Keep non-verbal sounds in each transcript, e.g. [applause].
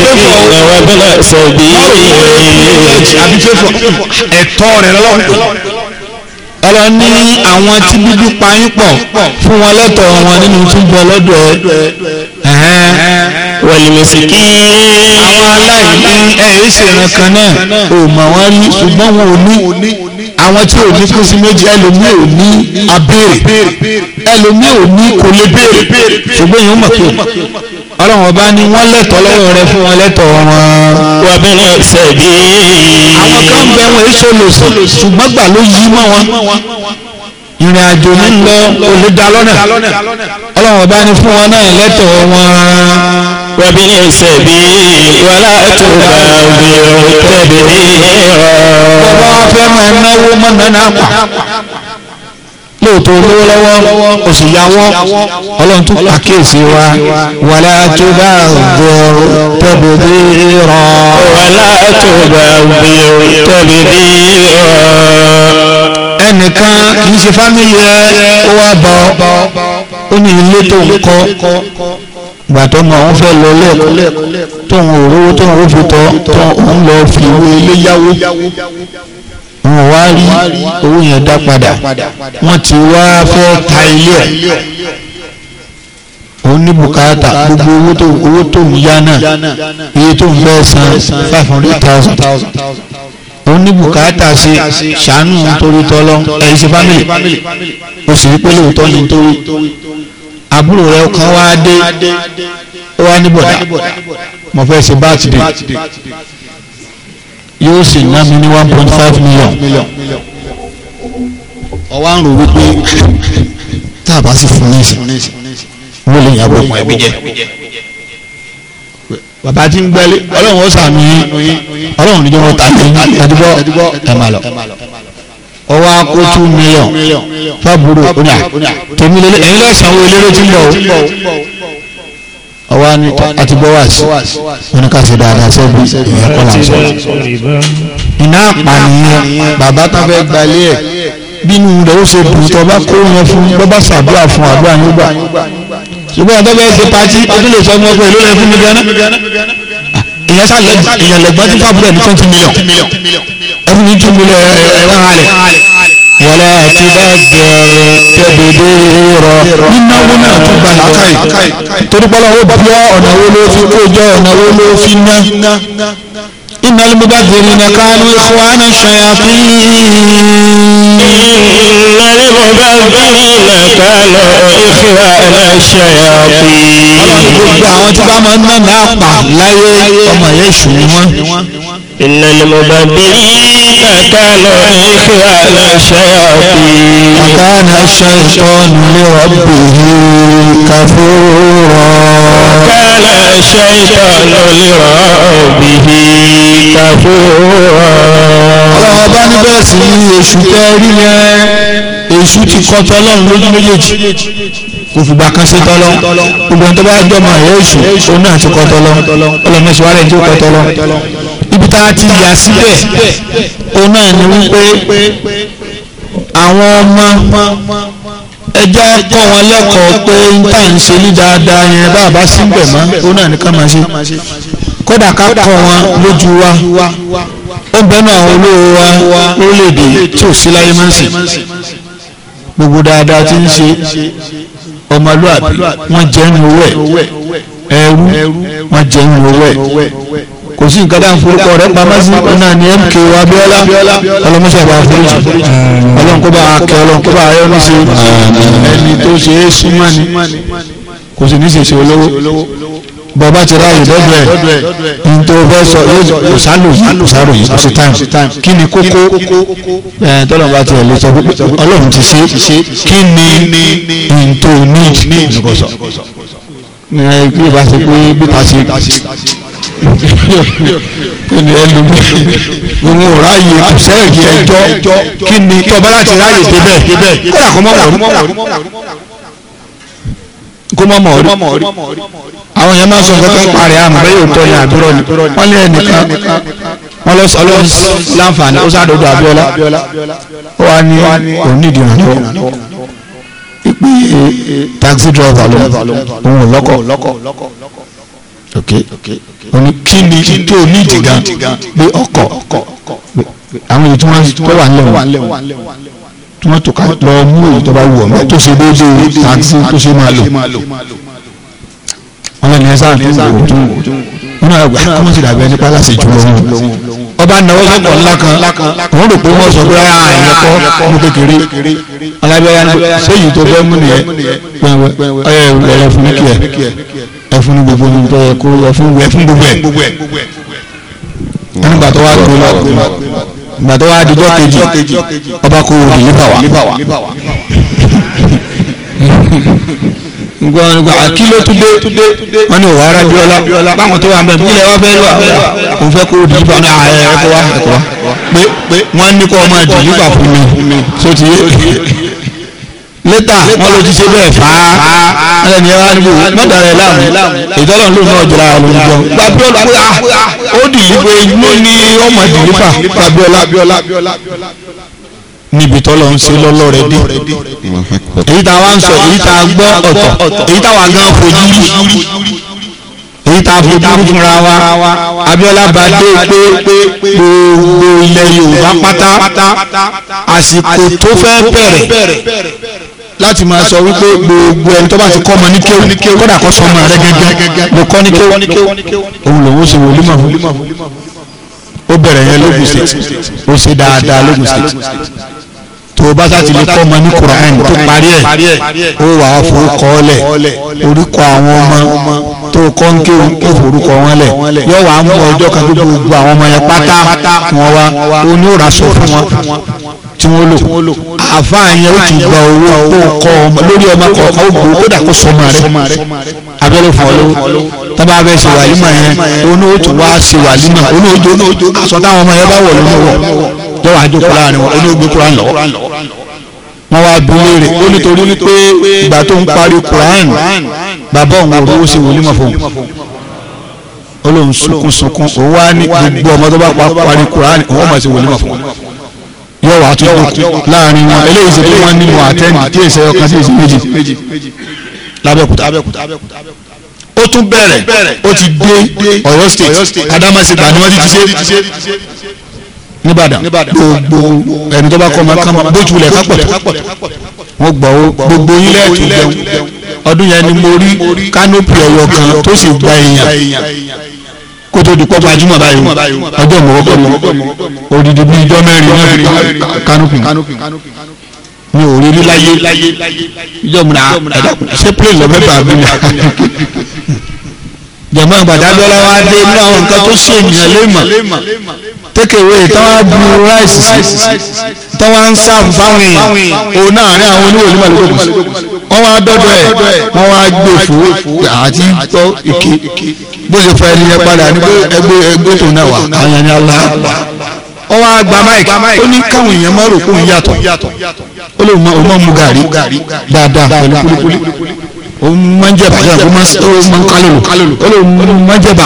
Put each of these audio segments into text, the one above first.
ìrànwọ́ bọ́lá sẹ̀bi ẹ̀tọ́ rẹ̀ lọ́wọ́ ọlọ́ni àwọn tí bíbí payín pọ̀ fún wọn lẹ́tọ̀ọ́ wọn nínú túbọ̀ lọ́dọ̀ ẹ̀ wẹ̀lìmẹ̀sìkì àwọn aláìní ẹ̀ ẹ̀ ṣèràn kan náà ò mọ̀ wọ́n rí ṣùgbọ́n wọn ò ní àwọn tí ò ní kú sí méjì ẹlòmíì ò ní abéèrè ẹlòmíì ò ní kò lè béèrè ṣùgbọ́n yìí ó pé ọlọ́run ọba ni wọ́n lẹ́tọ̀ọ́ lọ́wọ́ rẹ fún wọn lẹ́tọ̀ọ́ wọn. wà á bẹ̀rẹ̀ ṣẹ̀dí. àwọn kan bẹ wọn èso lòsàn ṣùgbọ́n gbà ló yí mọ́ wọn. ìrìn àjò ń lọ olùdalọ́nà ọlọ́run ọba ni fún wọn náà lẹ́tọ̀ọ́ wọn. wà á bẹ̀rẹ̀ ṣẹ̀dí wàlá tó bá bí o tẹ̀lé rọ. bàbá wa fẹ́ máa náwó mọ́nà náà pa lóòótọ́ olówó lọ́wọ́ oṣù yá ọlọ́run tún pàkíyèsí wa wàlá tó bá gbọ́ tẹ̀bù bí rọ. wàlá tó bá gbọ́ tẹ̀bù bí rọ. ẹnìkan kì í ṣe fámìlì ẹ ó wá bọ ó ní ilé tó ń kọ́ gbàtọ́ mọ àwọn fẹ́ lọ lẹ́ẹ̀kọ́ tóun ò rówó tóun ò fi tọ́ tóun ń lọ fi owó ilé yáwó wọn wá rí owó yẹn dá padà wọ́n ti wá fẹ́ ta ilé ẹ̀ òun ní bùkátà gbogbo owó tó owó tó ń yá náà iye tó ń fẹ́ san five hundred thousand òun ní bùkátà ṣe ṣàánú torí tọ́lọ́ ẹ̀yìn ṣe fámìlì o sì rí pé lóòótọ́ ni torí àbúrò rẹ kan wá dé ó wá ní bọ̀dá mo fẹ́ ṣe bátìdè yóò sì ná mi ní one point five million ọwọ́ àrùn wípé tá a bá sì fún ní ìsìn wọ́n lè yàgò fún ẹbí jẹ bàbá tí ń gbẹ́lé ọlọ́run ó sàmì ọlọ́run níjọ́ wọn tà ní ẹdúgbọ́ ẹ máa lọ ọwọ́ akó two million fábùrò oníyà tèmi lélẹ́ ẹ̀yin lọ́sàn-án wo eléré tí ń bọ̀ o ọwọ́ ni àti bọ́wàsì oníkàṣe dáadáa sẹ́bi ìyẹ́kọ́lá sọ. iná pànìyàn bàbá tó fẹ́ gbalẹ̀ ẹ̀ bínú rẹ̀ ó ṣe dùn tó bá kó yẹn fún bọ́bá ṣàdúrà fún àdúrà yín gbà. ṣùgbọ́n ọ̀dọ́ bẹ́ẹ̀ ṣe pati ọdún lè sọ ọmọ ọgbẹ́ ìlú rẹ̀ fún mi gánà. ìyẹn sàlẹ̀ ìyẹn lẹ̀gbọ́n tí fàbúrẹ̀ ní twenty million ẹ̀fún ní two million ẹ̀ ẹ̀ wọ́n wọlé àtibájọ tẹbìdì rọ. nínáwó náà tún gba làákàyè torí pọ́lá ó bí ọ̀nà wo ló fi kó jọ ọ̀nà wo ló fi ná. إن المبذرين كانوا إخوان الشياطين إن المبذرين كانوا إخوان الشياطين. gbogbo àwọn tí bá máa ń إن المبذرين كانوا إخوان الشياطين وكان الشيطان لربه كفورا وكان الشيطان لربه كفورا ọlọ́wọ́ bá ní bẹ́ẹ̀ sí èṣù tẹ́ rí yẹn èṣù ti kọ́ tọ́lọ́run lójú méjèèjì kò fìgbà kan ṣe tọ́lọ́ gbogbo ẹni tó bá jọmọ èṣù òun náà ti kọ́ tọ́lọ́ ọlọ́mọ ìṣòwò rẹ̀ ti kọ́ tọ́lọ́ ibi tá a ti yà síbẹ̀ òun náà ni wípé àwọn ọmọ ẹjẹ́ kọ́ wọn lẹ́kọ̀ọ́ pé ń tà ń ṣe ní dáadáa yẹn bá a bá síbẹ̀ mọ́ òun náà ni ká máa ṣe kódà ká kọ́ wọn lójú wa ó bẹnu àwọn olówó wa lórílẹ̀‐èdè tí ò sí láyé máa ń sìn gbogbo dáadáa tí ń ṣe ọmọlúàbí wọ́n jẹ́ ń owó ẹ̀ ẹrú wọ́n jẹ́ ń owó ẹ̀ kò sí nǹkan dáhùn forúkọ rẹ̀ pamọ́ sí iná ní mk wa bíọ́lá ọlọ́mọṣẹ́ bá foríjì ọlọ́run kó bá kẹ́ ọlọ́run kó bá ayọ́ ní ṣe ẹni tó ṣe é súnmọ́ ni kò sì ní ṣèṣe olówó bọba ti ráàyè lọ́dọ̀ ẹ̀ nítorí fẹ́ sọ yóò sálò yìí sálò yìí kò sí táìmù kí ni kókó tọ́lọ̀ bá tiẹ̀ lè sọ pé ọlọ́run ti ṣe kí ni nítorí ní ìdíkọ̀sọ̀ ní ẹgbẹ́ ìbáṣepọ̀ bí ta ṣe ẹni ẹlòmíì òun ò ráàyè sẹ́ẹ̀kì ẹjọ́ kí ni tọ́ba láti ráàyè débẹ̀ kódà kó mọ̀ wọ̀ rí kó mọ̀ mọ̀ rí àwọn yẹn máa sọ nǹkan tó ń parí àmọ́ bẹ́ẹ̀ yóò tọ́ yẹn àbúrò ni wọ́n lé ẹnìkan wọ́n lọ sọ lọ́wọ́ láǹfààní ó sàdọ̀dọ̀ Abíọ́lá ó wà ní òun nídìí ìrànlọ́wọ́ ìpè taxi driver ló ń lọ́kọ̀ ok. okay òní kí ni tó nídìí gan pé ọkọ̀ àwọn èyí tí wọ́n tó wà nílẹ̀ wọn tí wọ́n tó ká lọ mú èyí tó bá wù ọ́ mẹ́ tó ṣe déédéé taxi tó ṣe máa lò wọ́n lẹ́nu ẹ̀ sáà tó wù ọ́ tó wù ọ́ náà gbà kọ́mọ́ sì dàbí ẹni pálá sí jù lọ́wọ́ ọba náwó sọ̀kọ̀ ńlá kan wọ́n rò pé wọ́n sọ pé àà ẹ̀yẹ kọ́ mú kékeré alábẹ́yà sẹ́yìn tó fẹ́ mú nìyẹn ẹ̀ ẹ̀ rẹ̀ fún kí ẹ̀ ẹ fún gbogbo ní tẹ ẹ kó ẹ fún gbogbo ẹ nínú gbàtọ́ wa tó lọ gbàtọ́ wa dijọ́ kejì ọba kò wò nípa wa gbọ́n àkí ló tún dé wọ́n ní òwò ara bíọ́lá báwọn tó wà mẹ́rin nílẹ̀ wọ́n fẹ́ lọ́wọ́ òun fẹ́ kó dìbò ní ààrẹ ẹ̀kọ́ wa pé wọ́n ní kó ọmọ ìdìbò fún mi tó ti yé lẹ́tà wọn ló ti ṣe bẹ́ẹ̀ fà á ẹni ẹ wá ní wò mọ́tà rẹ̀ láàmú ìtọ́lọ̀ ló náà jọra àlùjọ. gbàbíọ́lá pé a ó dìlígbé ló ní ọmọ ìdìlífà gbàbíọ́lá níbi tọ́lọ̀ ń ṣe lọ́lọ́ rẹ dé èyí tá a wá ń sọ èyí tá a gbọ́ ọ̀tọ̀ èyí tá a wà gan fojú rí èyí tá a fojú fúnra wa Abíọ́lá bá dé pé gbogbo ilẹ̀ Yorùbá pátá àsìkò tó fẹ́ bẹ̀rẹ̀ láti máa sọ wípé gbogbo ẹni tó bá ti kọ́ ọmọ ní kéwù kódà kó sọmọ rẹ gẹ́gẹ́ mo kọ́ ní kéwù òun lòun ó ṣe wòlú mọ̀ fún ó bẹ̀rẹ̀ yẹn lógun state ó ṣe dáadáa lógun state tó o bá sá ti lè kọ́ ọmọ ní Quran tó parí ẹ̀ ó wà á forúkọ ọlẹ̀ orúkọ àwọn ọmọ tó kọ́ ń kéwù ó forúkọ wọn lẹ̀ yóò wá mú ọjọ́ kan gbogbo àwọn ọmọ yẹn pátá wọn wá oní fún wọn tí wọ́n lò àfáà yẹn ó ti gba owó kó kọ́ ọmọ lórí ọmọ kọ̀ọ̀kan ó gbowó kódà kó sọmọ rẹ abẹ́rẹ́ fún ọ lówó tábà bẹ́ ṣe wàlímà yẹn onú ó tún wá ṣe wàlímà onú ó jóná aṣọ táwọn ọmọ yẹn bá wọ̀ lónú wọ̀ lọ́wọ́ àjòkó láàrin wọn onú ó gbé kúrán lọ́wọ́ wọ́n wá bí léèrè ó nítorí wípé ìgbà tó ń parí kúrán bàbá òun ò rówó ṣe wòlímà fún un olóhùn sunkún sunkún òun wá ní gbogbo ọmọ tó bá parí kúrán òun ó máa ṣe wòlímà fún un yóò wá tó láàrin wọn eléyìí ṣe pé wọ́n nínú àtẹ́ni tí èsè ọkàn tí èsè méjì lábẹ́kúta ó tún bẹ̀rẹ̀ ó ti dé Ọ̀yọ́ state adamasegba ni wọ́n ti ti ṣe nìbàdàn gbogbo ẹni tó bá kọ́ máa kama bó tilẹ̀ kápọ̀ wọ́n gbọ́ gbogbo yín lẹ́ẹ̀tún jẹun ọdún yẹn ni mo rí kánópì Ọ̀yọ́ kan tó sì gba èèyàn kó tó di kó gbajúmọ̀ báyìí ọjọ́ mọ̀ọ́kọ́ mi odidi bíi ijọ́ mẹ́rin náà fi kánúpì mi ò rí rí láyé ijọ́ mi náà ẹ̀dá ṣé plane lọ mẹ́fà mi nà jẹ̀mọ́ àgbàdàgbọ́lá wa dé inú àwọn nǹkan tó ṣe ènìyàn lé mọ̀ tékèwé táwọn bu ráìsì sí táwọn ń sáàfù fáwọn èèyàn òun náà ní àwọn oníwò ní màlúkòkò wọn wá dọdọ ẹ wọn wá gbé òfò àti tọ ike bó ṣe fa ẹniyẹn padà ní ẹgbẹ ẹgbẹ tó náà wà àwọn ẹni alá wọn wá gba máìkì ó ní káwọn èèyàn má rò kó yàtọ̀ ó lè mọ mu gàrí dáadáa pẹ̀lú kúlíkúlí manjẹba yẹn o man kalolu olu manjẹba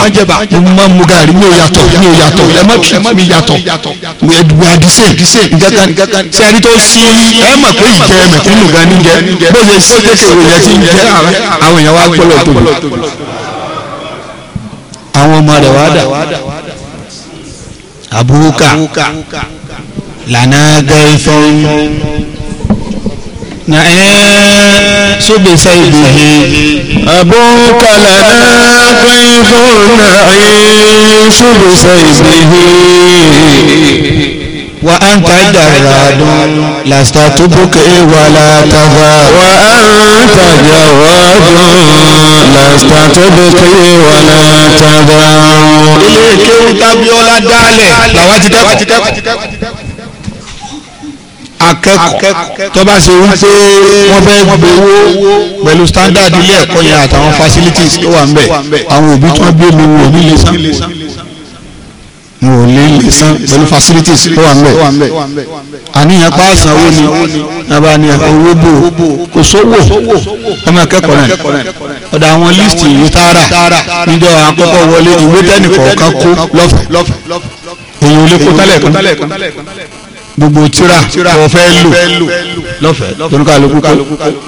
mugari mi o yàtọ̀ mi o yàtọ̀ ẹ ma tu mi yàtọ̀ ẹdùgbò àdìsẹ nkankan sẹni tó sí ẹ ma pé ìjẹ ẹ mẹtiri nìkan ní jẹ bó ṣe sí kékeré yẹn ti jẹ àwọn èèyàn wa gbọlọ tóbi àwọn ọmọ rẹ wa dà abuka lànà gẹ́fẹ́. نعيم سبس به أبوك لنا ضيف نعيش بسيفه وأنت جراد لست تبكي ولا تضا وأنت جراد لست تبكي ولا تضا ilé kéwú tábíọ́lá dálẹ̀ làwọn ti kẹ́kọ̀ọ́ akẹ́kọ̀ọ́ tó bá ṣe wípé wọ́n fẹ́ gbowó pẹ̀lú standard ilé ẹ̀kọ́ yẹn àtàwọn facilities tó wà ńbẹ̀ àwọn òbí tí wọ́n gbé mi wò ní lè san wò ní lè san pẹ̀lú facilities tó wà ńbẹ̀ àníyàn pa àsanwó ni nàbà ni owó bò kò sówó ọmọ akẹ́kọ̀ọ́ náà ọ̀dọ̀ àwọn list ìwé tààrà níjọ àkọ́kọ́ wọlé ìwé tẹ́nìkọ̀ọ̀kan kó lọ́fẹ̀ẹ́ èyí ò lè kó tálẹ̀ kan gbogbo tíra tó fẹ́ lò lọ́fẹ̀ẹ́ tónúkàlùkù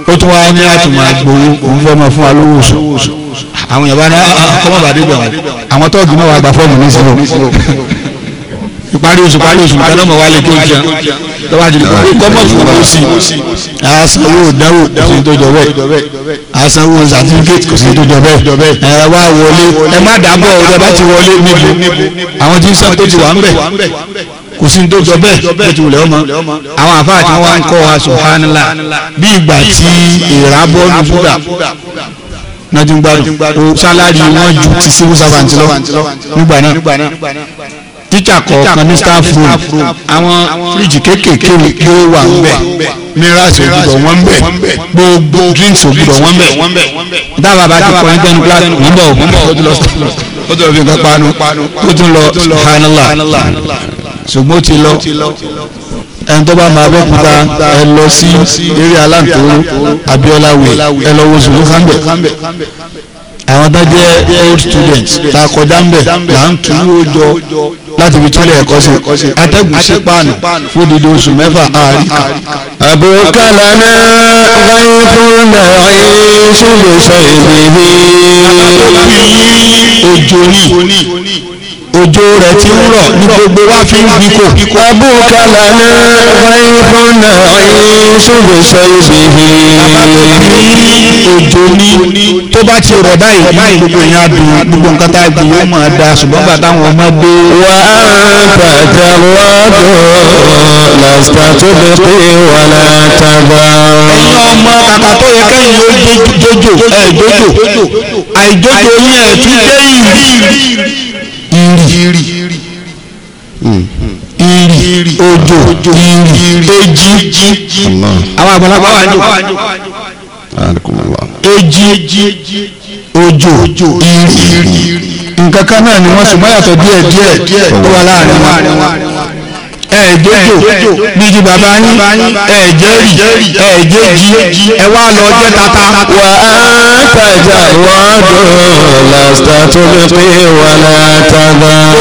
ó tún wáá ní àtùmọ̀ àgbòwò òun fẹ́ mọ̀ fún wa lówó oṣù àwọn yàrá ní ah, ah, ah, kọ́mọ̀bàdé bẹ̀ wọ́n àwọn tọ́ọ̀gì náà wà gba fọ́ọ̀mù ní zero ìparí oṣù parí oṣù nǹkan náà mọ̀ wálé tó jẹun lọ́wọ́ àjùlọ kó gọ́mọ̀ fún owó sí i àsanwó ìdánwò kò sí tó jọ bẹ́ẹ̀ àsanwó certificate kò sí tó jọ bẹ́ẹ̀ ẹ wá wọlé ẹ má dàbọ̀ ọ̀rẹ́ bá ti wọlé níbo àwọn tí ń sọ tó ti wà ń bẹ̀ kò sí tó jọ bẹ́ẹ̀ bó ti wulẹ̀ ọmọ àwọn àfáà tí wọ́n wá ń kọ́ wa subhanallah bí ìgbà tí èèrà bọ́ọ̀lù ṣúgà nàdí ń gbádùn o sálárì wọn ju ti civil servant lọ nígbà náà tíjà kọ̀ọ̀kan ní staff room àwọn fíríjì kéékèèké ló wà ń bẹ̀ minerals ògbùdọ̀ wọn bẹ̀ gbogbo drinks ògbùdọ̀ wọn bẹ̀ dábàá bá ti kọ́ ẹ̀ ń tẹnu glass wọn bọ̀ wọn bọ̀ ó tún lọ ó tún lọ fi nǹkan panu ó tún lọ subhanallah ṣùgbọ́n ti lọ ẹni tó bá máa bẹ́kúta ẹ lọ sí eré aláǹtóró abiola way ẹ lọ wo sùkúrú kánbẹ̀ àwọn tó old students ta kọjá ń bẹ̀ là ń tú owó jọ láti fi túlẹ̀ ẹ̀kọ́ sí atẹ́gùn sí páànù fún dídí oṣù mẹ́fà àríkà. àbúkálà náà báyìí fún náà yín ṣùgbọ́n sọ èdè mi. ojú orí Ojo rẹ̀ ti ń rọ̀ ní gbogbo wa fi ń bí kò. abúkálà náà wáyé fúnà ọyìn ṣòro sọ ibi yìí. òjò ní tó bá ti rọ̀ báyìí gbogbo èèyàn á dùn gbogbo nǹkan tá a dùn yóò máa da ṣùgbọ́n gbà táwọn ọmọ dé. wà á bàtà wọ́dọ̀ lásìkò tó lè pé wà látàgbà. ẹ̀yin ọmọ kàkà tó yẹ kẹ́yìn ó jójó ẹ̀ jójó àìjójó yẹn tún dé ìrì ìrì ìrì òjò ìrì èjì àwọn àgbàlagbà wà jò èjì òjò Ojo, nǹkan kan náà ni wọ́n sì mọ́ yàtọ̀ díẹ̀ díẹ̀ tó wà láàrin wọn ẹ̀ẹ́dójò bíi bàbá yín ẹ̀ẹ́dẹ́rì ẹ̀ẹ́dẹ́jì ẹ wá lọ jẹ́ tata. wà á tàjà wọ́ọ̀dùn lásìtà tó lè pé wà látàgbà. gbogbo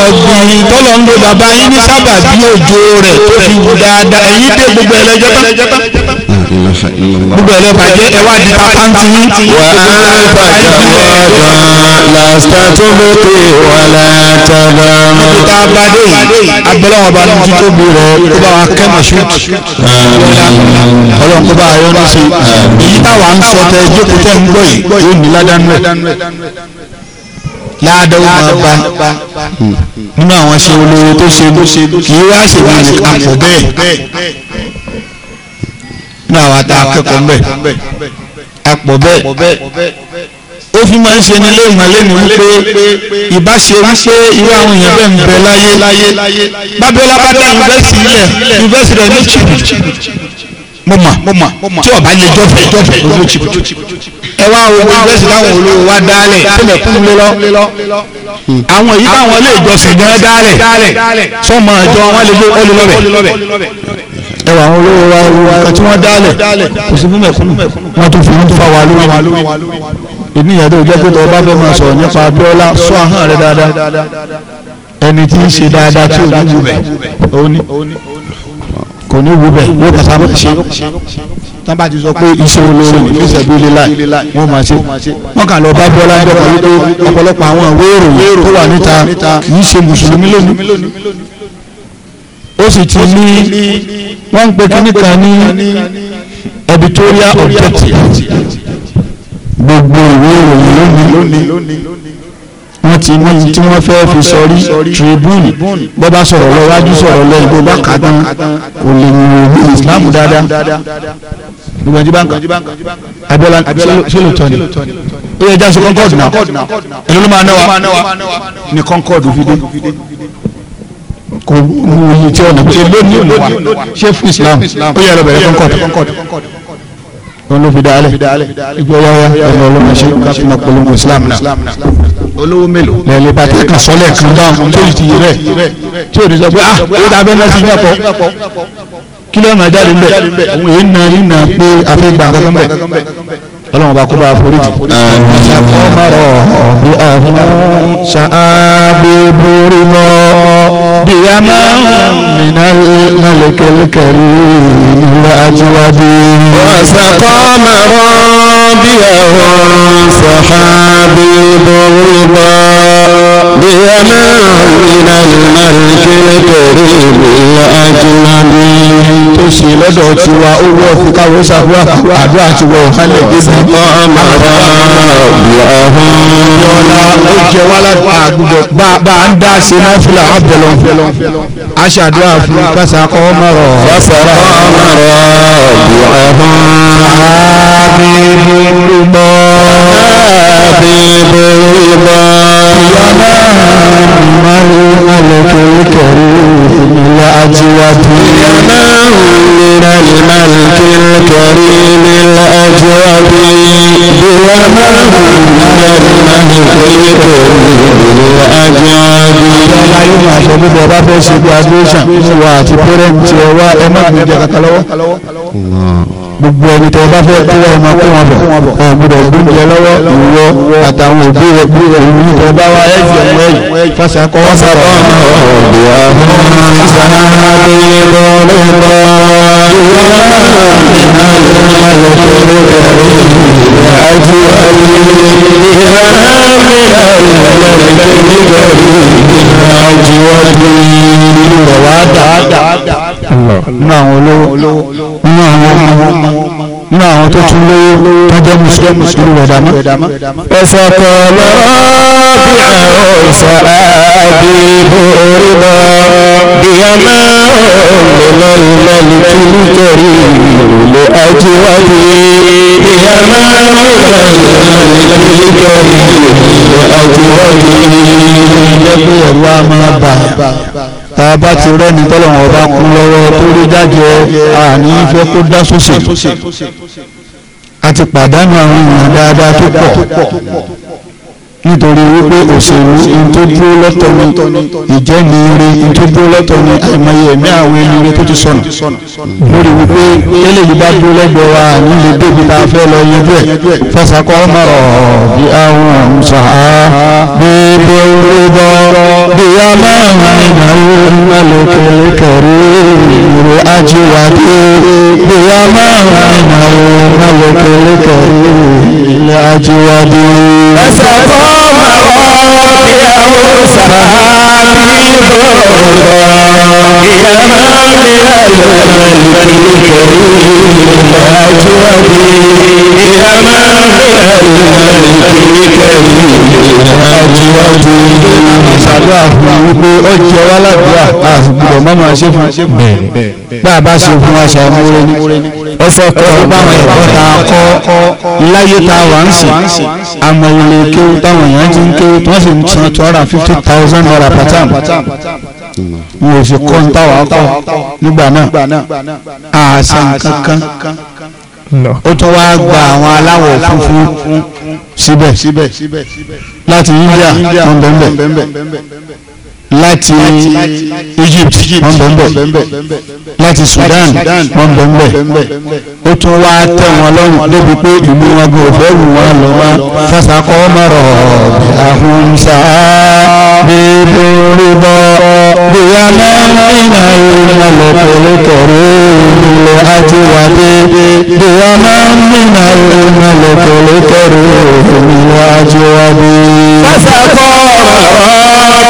ọ̀gbìn tọ́lọ́ ń lo bàbá yín ní sábàbí òjò rẹ̀ tó fi wù dáadáa ẹ̀yìn dé gbogbo ẹlẹ́jọ́ tán ilaha illallah. gbogbo ẹ̀ lọ bàjẹ́ ẹ wá di pàǹtí. wà á bàjẹ́ wọ́ọ̀dọ̀ làṣà tó lókè wà látàbà. àbúta abadé yìí abẹ́lẹ́wọ̀n bá ní tóbi rẹ̀ kó bá wa kẹ́mọ̀ ṣúùtù. ọlọ́run kó bá a yọ ní sí i. èyí táwa ń sọ tẹ jókòó tẹ ń gbọ́ yìí yóò ní ládàá nù ládàá ó máa bá nínú àwọn ṣe olóore tó ṣe kì í wá ṣèlú àpò bẹ́ẹ̀ ní àwọn àti akẹ́kọ̀ọ́ mbẹ́ apọ̀ bẹ́ẹ̀ ó fi máa ń ṣe ní léèmọ̀ léèmọ̀ wípé ìbáṣe wípé irú àwọn èèyàn bẹ́ẹ̀ ń bẹ láyé bábíọ́lá bá dá yunifásitì ilẹ̀ yunifásitì rẹ̀ ní chìbìchìbì mo mọ̀ tí ọba lè jọfẹ jọfẹ lójú chìbìchìbì ẹ wá wo yunifásitì láwọn olówó wa dálẹ̀ sílẹ̀ fún mi lọ àwọn èyí táwọn ilé ìjọsìn gan dálẹ̀ sọmọ ìjọ wọn lè lọ ẹwà àwọn olówó wa nǹkan tí wọ́n dálẹ̀ kò sí fún mẹ̀kúnnù wọ́n tún fi ń fa wa lórí ìní ìyàtọ̀ ìjẹ́ pé tọ́ bá fẹ́ máa sọ̀rọ̀ nípa Abíọ́lá sọ ahọ́n rẹ dáadáa ẹni tí ń ṣe dáadáa tí ò ní wù bẹ̀ kò ní wù bẹ̀ yóò kàtà máa ṣe tán bá ti sọ pé iṣẹ́ olórin ìfẹsẹ̀bílélà wọ́n máa ṣe wọ́n kà lọ bá Bọ́lá ń dọ̀kọ̀ wípé ọ̀pọ̀lọpọ̀ àwọn ìwé tó wà níta kì í ṣe mùsùlùmí lónìí ó sì ti ní wọ́n ń pe kíní kan ní editorial objective gbogbo ìwé ìròyìn lónìí wọ́n ti ní tí wọ́n fẹ́ fi sọrí tribune bó bá sọ̀rọ̀ lọ wájú sọ̀rọ̀ lọ ìbò bá kà kò lè mú omi islam dáadáa gbogbo ẹjí báńkà abiola solo tọ́ni ó yẹ jáde sí concord náà èlò ló máa náwa ní concord fi dé kò mú iye tí ọ̀nà pé lónìí òun wà ṣé fún Islam ó yẹ lọ́bẹ̀rẹ̀ kọ́ńkọ́t wọn ló fi dálẹ̀ ìgbọ́wọ́ ẹ̀rọ ọlọ́mọ ṣe láti máa polongo Islam náà olówó mélòó. lẹ́lẹ́ bá tẹ́ kan sọ́lẹ̀ kan dáhùn tó ti rẹ̀ tí o ní sọ pé ah ó dábẹ́ náà sí yàpọ̀ kí ló ń ra jáde ń bẹ̀ òun èé na iná pé àfẹ́ gbà kankan bẹ̀ ọlọ́run bá kó bá foríjì. àkọ́mọ̀rọ̀ bí àwọn ṣáàbí borí mọ́ bí a máa ń mìíràn lálẹ́ kẹ́lẹ́kẹ́lẹ́ ìlú ajíwájú. ọ̀sàkọ́mọ̀rọ̀ bí àwọn ṣáàbí borí mọ́ bí a máa ń mìíràn lálẹ́ kẹ́lẹ́kẹ́lẹ́ ajíwájú tó ṣe lọ́dọ̀ tiwa owó ọ̀fun káwọ́ ṣàdúrà àdúrà tiwọ̀ ọ̀hánlẹ̀ gẹ́gẹ́ bí ọ̀la ó jẹ wá láti àgùdọ̀ bá a ń dá ṣe náà fìlà ábẹ̀lọ̀ aṣàdúrà fún fásakọ́ mọ̀rọ̀ fásakọ́ mọ̀rọ̀ bí ọ̀hún àbíbúrúbọ̀ àbíbúrúbọ̀ ìyá náà mọ̀rọ̀ mọ̀lẹ́kẹ́. ربي بوما من المهدي Ayé máa sọ pé bọ̀dá fẹ́ ṣe graduation wà àti parent tiẹ̀ wá ẹ má gbèjà kàkà lọ́wọ́ gbogbo ẹni tẹ bá fẹ́ kó wá ọmọ kó wọn bọ ẹ gbọ́dọ̀ gbóúnjẹ lọ́wọ́ ìwọ àtàwọn òbí rẹ bí rẹ ìlú tẹ bá wá ẹjì ọmọ ẹyì fàṣà kọ wọn sábà ọmọ ọdẹ àwọn ìsàlẹ̀ lọlọpọ ìwọ náà nà lọlọpọ lọlọpọ àti àlùyẹ ìhà mi àlùyẹ nígbà yìí àti wàjú ìlú rẹ wà dáadáa. nínú àwọn olówó nínú àwọn tó tún lówó tọ́jọ́ mùsùlùmí mùsùlùmí rẹ̀ dàmú. ẹsẹ̀ kọ́ lọ́rọ́ bí àwọn sàábì borí lọ bí a máa ń lọ lọ́lù kí nítorí ìlú ajíwájú bí a máa ń lọ lọ́lù kí nítorí ìlú ajíwájú. ẹgbẹ́ ẹ̀rọ a máa bà tá a bá ti rẹ́ni tọ́lọ́wọ́n ọba kún lọ́wọ́ tó rí dájọ́ àní fẹ́ kó dá sóṣèlú a ti pàdánù àwọn èèyàn dáadáa tó pọ̀ nítorí wípé òṣèlú tó dúró lọ́tọ̀ ni ìjẹ́niire tó dúró lọ́tọ̀ ni àìmọye ẹ̀mí àwọn ẹniire tó ti sọnù lórí wípé tẹ́lẹ̀ yìí bá dúró lẹ́gbẹ̀ẹ́ wa nílé débi tá a fẹ́ lọ yanjú ẹ̀ fẹsàkọ́ mọ̀rọ̀ bí àwọn ọ̀sà bèbè òrùbọ̀ bí a máa ń náwó mẹ́lẹ̀kẹ̀lẹ̀ kẹ̀rí ìrò ajíwájú bí a máa ń náwó mẹ́lẹ̀kẹ̀lẹ̀ kẹ̀rí ìrò ajíwájú. fẹsàkọ́. له سرابيل بيضاء يا من الملك الكريم أجودي يا من الملك الكريم أجودي ṣàdúrà fún wípé ó jẹ wá ládùúrà àti gbọ̀dọ̀ mọ́mọ́ ṣe fún bẹ́ẹ̀ bá a bá ṣe fún wa ṣàmúrẹ́ ní ó fẹ́ kọ́ báwọn ẹ̀kọ́ tá a kọ́ láyé tá a wà ń sìn àmọ́ ilé kéwú táwọn èèyàn ti ń kéwú tí wọ́n sì ń san two hundred and fifty thousand naira per term n ò sì kọ́ ń táwa kọ́ nígbà náà àṣà kankan ó tún wá gba àwọn aláwọ̀ funfun síbẹ̀ láti India wọn bẹ̀ ń bẹ̀ láti Egypt wọn bẹ nbẹ láti Sudan wọn bẹ nbẹ ó tún wá tẹ wọn lọ́rùn débi pé ìlú wọn gbé òfé wù wọn lọ máa fásakọ mọrọ àhùnsá bíbí rúbọ bíyà mẹ́rìnà ìrìnà lọ́kọ̀ọ́lọ́ tọ̀rọ̀ ìrìnlẹ̀ àti wàdé bíyà mẹ́rìnà ìrìnà lọ́kọ̀ọ́lọ́ tọ̀rọ̀ ìrìnlẹ̀ àti wàdé. fásakọ mọrọ.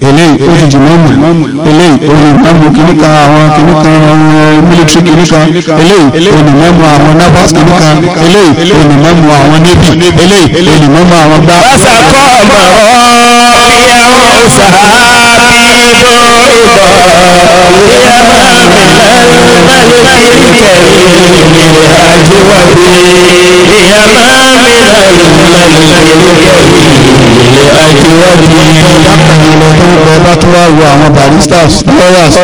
eléyìí ó ti jìmọ́mù eléyìí ó ní mọ́mù kìníkà àwọn kìníkà eh, military kìníkà eléyìí ó ní mọ́mù àwọn nabas kìníkà eléyìí ó ní mọ́mù àwọn navy eléyìí ó ní mọ́mù àwọn gbà. pásákọ̀ mọ̀ ọ́n sàbíbò ìbọ̀ ìyá mọ́mìlẹ́lẹ́lẹ́ kẹ̀lé àjẹwàbí ìyá mọ́mìlẹ́lẹ́lẹ́ kẹ̀lé àjẹwàbí bẹ́ẹ̀ bá tún wá wo àwọn baristas lawyers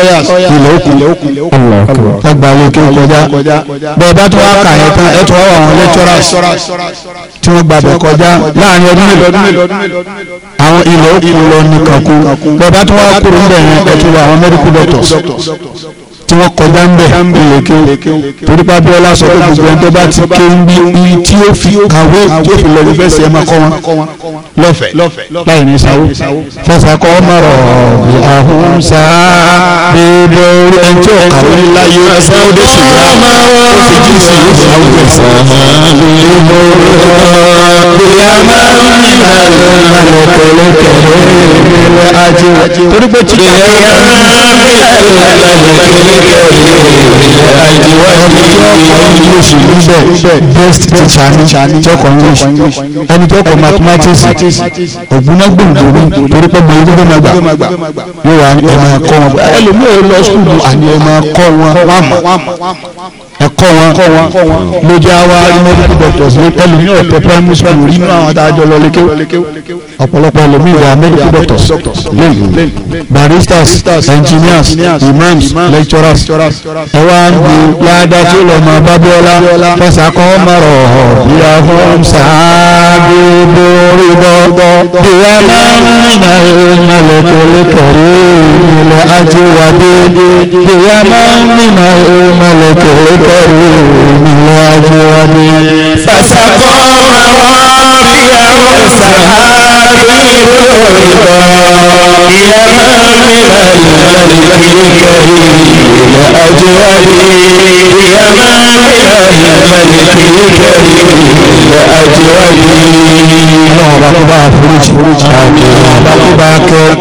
ilẹ̀ òkun ẹgbàlẹ̀ tó kọjá bẹ́ẹ̀ bá tún wá kà yẹn tán ẹ̀ tún wá àwọn lecturers tí wọ́n gbàgbẹ́ kọjá láàrin ọdún mélòó àwọn ilẹ̀ òkun lọ nìkan kú bẹ́ẹ̀ bá tún wá kúrò ń bẹ̀rẹ̀ ẹ̀ tún wá àwọn medical doctors tí wọ́n kọjá ń bẹ̀ lékeun torípa abiola sọ pé gbogbo ẹni tó bá ti ké ń bí ibi tí ó fi kàwé tó fi lọ ibẹ̀ sí ẹ máa kọ́ wọn lọ́fẹ̀ẹ́ láì ní sáwó fẹsàkọ́ mọ̀rọ̀ ọ̀hún sá bèbè orí ẹni tí ó kàwé láyé ó sì yá ó sì jí sí ìfowópamọ́ bèbè orí ọ̀hún torípé tí kò yẹ best teacher ni jọkọ english ẹni jọkọ mathematics ògbúnágbòǹgbò ni torípé mo ilé gbẹmọ gbà yóò wá ẹ máa kọ́ wọn ẹlòmíràn lọ sùkúlù àní ẹ máa kọ́ wọn wàmọ kọ́ wọn ló jẹ́ àwa medical doctors ẹlòmíì ọ̀tọ̀ primary school rí nínú àwọn adájọ́ lọ lékè ọ̀pọ̀lọpọ̀ ẹlòmíì wà medical doctors lẹ́yìn baristas engineers imams lecturers ẹ wá ń bu ládàá tó lọ mọ Babiola fẹsàkọ́ mọ̀rọ̀ bí a fún sáábì borí bọ́ bí a máa ń nà ẹ̀ mọ̀lẹ́ kọ́lé kọ́lé ilẹ̀ ajé wà dé bí a máa ń nà ẹ̀ mọ̀lẹ́ kọ́lé الأجود فسقى رابيا سحابي الرضا إلى من الملك الكريم الأجود يا Ọlọ́ba àforíjì ọlọ́ba akẹ́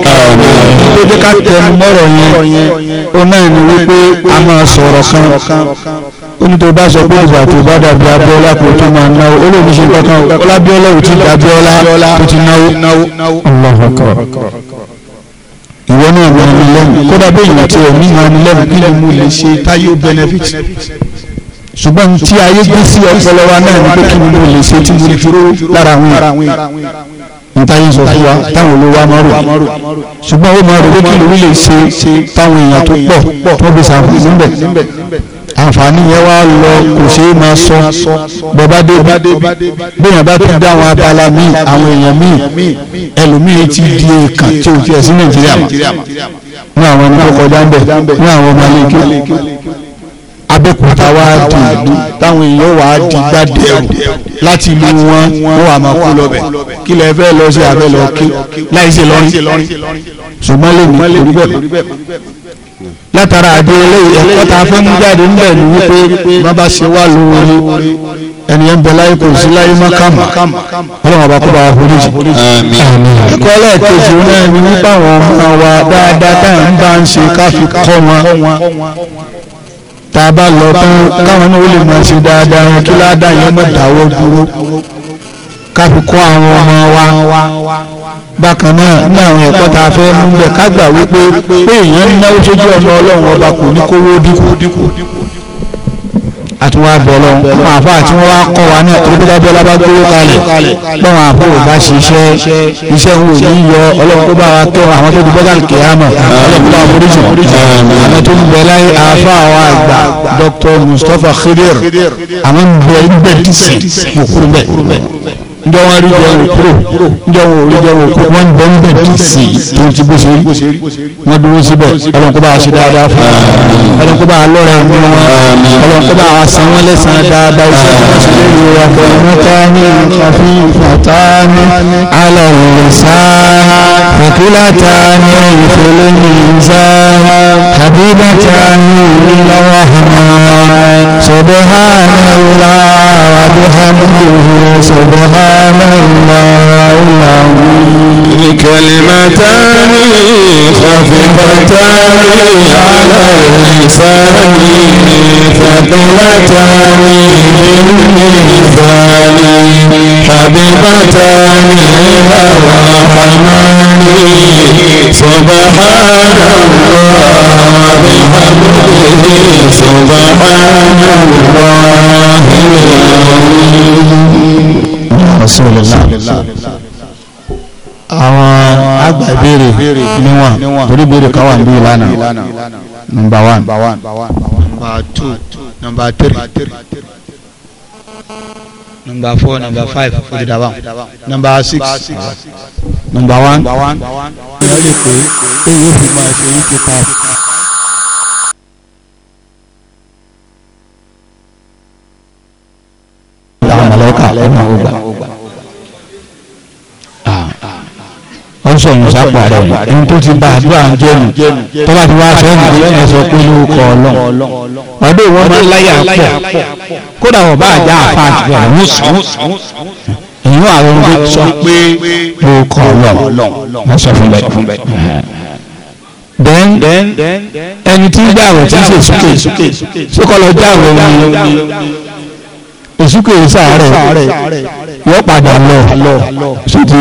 tó dé ká tẹ̀ mọ́rọ̀ yẹn ó náà ní wípé a máa sọ̀rọ̀ kan onítorí bá sọ pé ìgbà tó bá dàbí Abíọ́lá kò tó máa náwó ó lè ní ṣe kankan ọlábíọ́lá ò ti dàbíọ́lá kò ti náwó. ìwọ náà mọ ẹni lẹ́nu kódà bẹ́ẹ̀ ìwà tí ẹ̀mí mọ ẹni lẹ́nu kí ni mo lè ṣe táyé benefit. ṣùgbọ́n tí ayé gbé sí ọpọlọ wa náà ni pé kí ni mo lè ṣe tí mo lè dúró lára àwọn ntayin sọ fún wa táwọn olówó amárò ṣùgbọ́n ó máa rò pé kí lórílẹ̀ ṣe táwọn èèyàn tó pọ̀ tó bí sàǹfà níbẹ̀ àǹfààní yẹn wá lọ kò ṣeé máa sọ bọ́bá débi bẹ́ẹ̀ bá tún dá àwọn abala míì àwọn èèyàn míì ẹlòmíì ti di èèkàn tí ò tiẹ̀ sí nàìjíríà mọ́ ní àwọn ẹni tó kọjá ń bẹ̀ ní àwọn ọmọ alẹ́kẹ́ abẹ́kúta wá di ìlú táwọn èèyàn wà á di gbàdẹ́rù láti ìlú wọn wọ́n wà máa kú lọ́bẹ̀ kí lẹ fẹ́ lọ sí abẹ́ lọ kí láì ṣe lọ́rin ṣùgbọ́n lè ní orí bẹ́ẹ̀ látara àdé eléyìí ẹ̀kọ́ tá a fẹ́ mú jáde ń bẹ̀ ní wípé bàbá ṣe wá lóore ẹnìyẹn ń bẹ láyé kò sí láyé mọ́kàmà ọlọ́run ọba kó bá wa foríjì. ẹ̀kọ́ lẹ́ẹ̀kejì náà ni wípé àwọn ọmọ wa dáadáa táwọn ń bá ń ṣe ká fi kọ́ wọn tá a bá lọ tán káwọn náà ó lè máa ṣe dáadáa wọn kí ládàá yẹn mọ̀ dáwọ́ dúró ká fi kọ́ àwọn ọmọ wa bákan náà ní àwọn ẹ̀kọ́ tá a fẹ́ mú bẹ̀ ká gbà wípé pé èèyàn ń náwó sójú ọ̀nà ọlọ́run ọba kò ní kówó dínkù àtiwá bẹ̀rẹ̀ àwọn àfa àti wọn wá kọ́ wa ní àtúrúkúdá bẹ́lá bá gbówó kalẹ̀ báwọn àfa ò bá ṣiṣẹ́ iṣẹ́ wo ní yọ ọlọ́run tó bá wa tó àwọn tó ti bọ́dà kìámọ̀ ọlọ́run tó bá múríjì àwọn tó ń bẹ láyé àfa àwọn àgbà Dr. Mustapha Khidir àwọn ń bẹ ń bẹ njọ wọn rí jẹun kúrò njọ wọn rí jẹun kúrò wọn bẹ ń bẹ tí sí tó ti bó ṣe rí wọn dúró síbẹ̀ Ọlọ́run kó bá a ṣe dáadáa fún wọn Ọlọ́run kó bá a lọrọ ẹni wọn Ọlọ́run kó dáadáa iṣẹ́ tí wọn ṣe lè rí wa pẹ̀lú ní àfi fàtà àkúlàtà ní ìfẹlẹ ní ìzá àbíbàtà ní ìlọwọ àmà sọdọ ha ní ìlà كلمتان خفيفتان على اللسان ثقلتان بالميزان حبيبتان إلى الرحمن سبحان الله بحمده سبحان الله العظيم rasulillah àwọn àgbà ìbéèrè níwọ̀n torí ìbéèrè kan wà ní ìlànà number one number two number three number four number five ó ti dàbà number six number one. ìyá lè pé pé fi máa ṣe é ti pa. àwọn ọlọ́kà lẹ́nu àwọn ọgbà. sọ yìí sápà rẹ̀ ní tó ti bá àdúrà ń jẹ́ nù tó bá ti wá sọ yìí ẹ sọ pé ló kọ ọlọ́run ọdún ìwọ máa ń láyà pọ̀ kódà ọba àjà àpá àti àwọn sùn ìyún àwọn ọmọdé sọ pé ló kọ wọ́n sọ fún bẹ́ẹ̀ then ẹni tí ń jáwé tí ń ṣe sókè sókè lọ jáwé ni òsúkè sàárẹ̀ yóò padà lọ sotí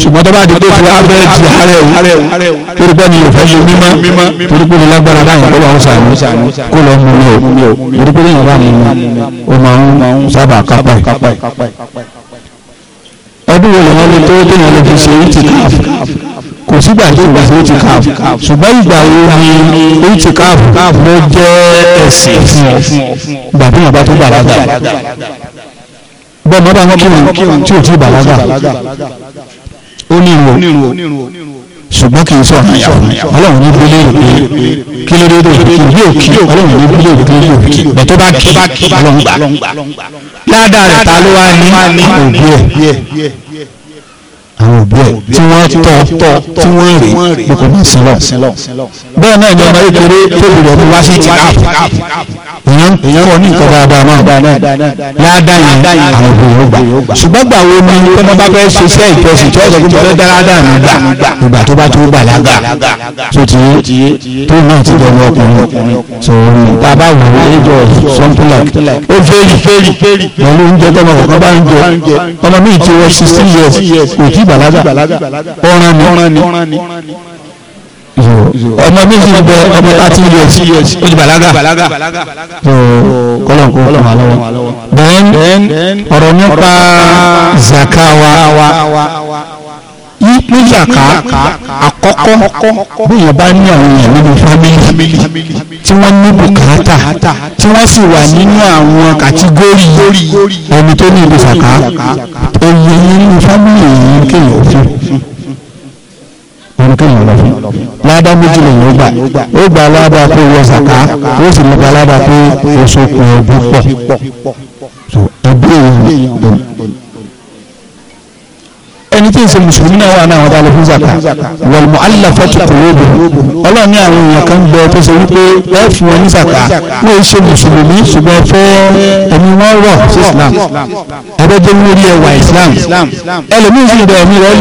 ṣùgbọ́n tó bá di pé fún abẹ́ di ààrẹ o torí pé mi ò fẹ́ ṣe mímọ́ torí pé mi lágbára báyìí kó lọ ń sàánú kó lọ mú mi o torí pé yìnyín bá mi mú o máa ń sábà kápá ẹ̀. ọdún wo làwọn lè tó téèyàn lè fi ṣe itikaf kò sígbà tó gbà sí itikaf ṣùgbọ́n ìgbà wo ni itikaf ló jẹ́ ẹ̀sìn fún ọ gbàdúrà bá tó bàlágà bẹ́ẹ̀ mọ́ bá ń kírun tí ò tí bàlágà ó ní ìwò ṣùgbọ́n kì í sọ àyà ọlọ́run ní bílẹ̀ rẹ̀ pé kí ló dé tó kí bí òkì ọlọ́run ní bílẹ̀ rẹ̀ pé bí òkì bẹ̀ tó bá kí ọlọ́run gbà ládàá rẹ̀ ta ló wá ní òbí ẹ̀ àwọn òbí ẹ̀ tí wọ́n tọ́ tí wọ́n rè é kò ní sílọ̀ bẹ́ẹ̀ náà ni ọmọ kékeré tóbi rẹ̀ fi wá sí tìkáàpù èèyàn kọ ní nǹkan dáadáa náà dáadáa yẹn àwọn òbí yóò gbà ṣùgbọ́n gbà wo ni tọ́mọ bá fẹ́ ṣiṣẹ́ ìjọsìn tí wọ́n sọ pé mo fẹ́ dáadáa mi gbà ìgbà tó bá tó bàlágà tó ti yé tó náà ti dọ̀wọ́ ọkùnrin tó rí tá a bá wò ó ẹjọ́ sọ́ńpìlà ó fẹ́rì pẹ̀lú oúnjẹ tọ́mọ kọ̀ọ̀kan bá ń jẹ ọmọ mi ti wọ sixteen years kò tí bàlágà ọ̀ràn ni ọmọ méjì ń bẹ ọmọ thirty years ó di bàlágà kọlọ̀nkọ kọlọ̀nkọ lọ́wọ́. bẹ́ẹ̀n ọ̀rọ̀ nípa zaka wa ní zaka àkọ́kọ́ bóyá bá ní àwọn èèyàn nínú fámìlì tí wọ́n ní bùkátà tí wọ́n sì wà nínú àwọn kàtígórì ẹni tó ní ìlú zaka òye nínú fámìlì yìí kéèyàn fún kan tó yàn lọ fún ládá méjì lè yàn ó gbà ó gba ládá pé wọ sàká ó sì lè ládá pé oṣù kan ọdún pọ̀ so ẹbí èèyàn ẹni tí ń ṣe mùsùlùmí náà wà náà wọn bá lọ fún zaka wal mu'allafati qulubuhum ọlọ́run ní àwọn èèyàn kan gbọ́ tó ṣe wípé ẹ fún wọn ní zaka wọ́n ṣe mùsùlùmí ṣùgbọ́n fẹ́ẹ́ wọ́n rọ̀ sí islam ẹgbẹ́jẹ́ lórí ẹwà islam ẹlòmíì sì bẹ̀rẹ̀ mi rẹ̀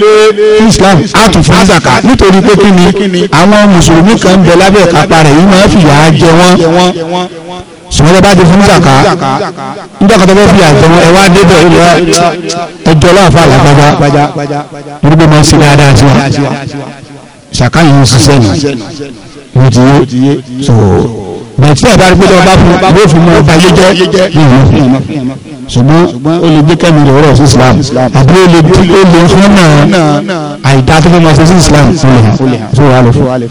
lé islam àtúnfún zaka nítorí pé kí ni àwọn mùsùlùmí kan bẹ lábẹ́ ìkápá rẹ̀ yìí máa fìyà jẹ wọ́n sùmọ́lẹ́ bá ti fún zaka nígbàkàtà bá fi àjẹmọ́ ẹ̀wá débẹ̀ ìlú ẹjọ́ láàfà làgbàgbà nígbà máa ń ṣe dáadáa sí wa ṣàkáyìn ń ṣiṣẹ́ nù ní ti yé so bàtí ẹ̀ pé lọ́ba fún yóò fún mọ́ ọba yé jẹ́ ṣùgbọ́n o lè gbé kẹ́mi rẹ̀ ọ̀rọ̀ sí Islam àbí o lè lè fún náà àìdá tó fẹ́ Islam fún mi hàn sọ wà fún